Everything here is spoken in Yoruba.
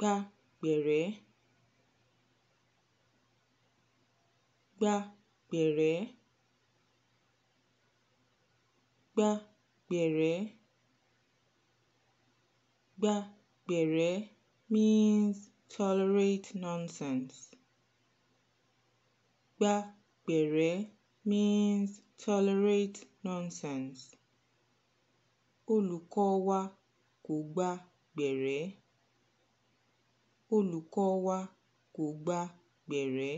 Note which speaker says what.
Speaker 1: gba gbẹ̀rẹ́ gba gbẹ̀rẹ́ gba gbẹ̀rẹ́ gba gbẹ̀rẹ́ means tolerate nonsense gba gbẹ̀rẹ́ means tolerate nonsense.
Speaker 2: Olùkọ́ wa kò gba
Speaker 1: gbẹ̀rẹ́.
Speaker 3: Olùkọ́ wa kò gba
Speaker 4: gbẹ̀rẹ́.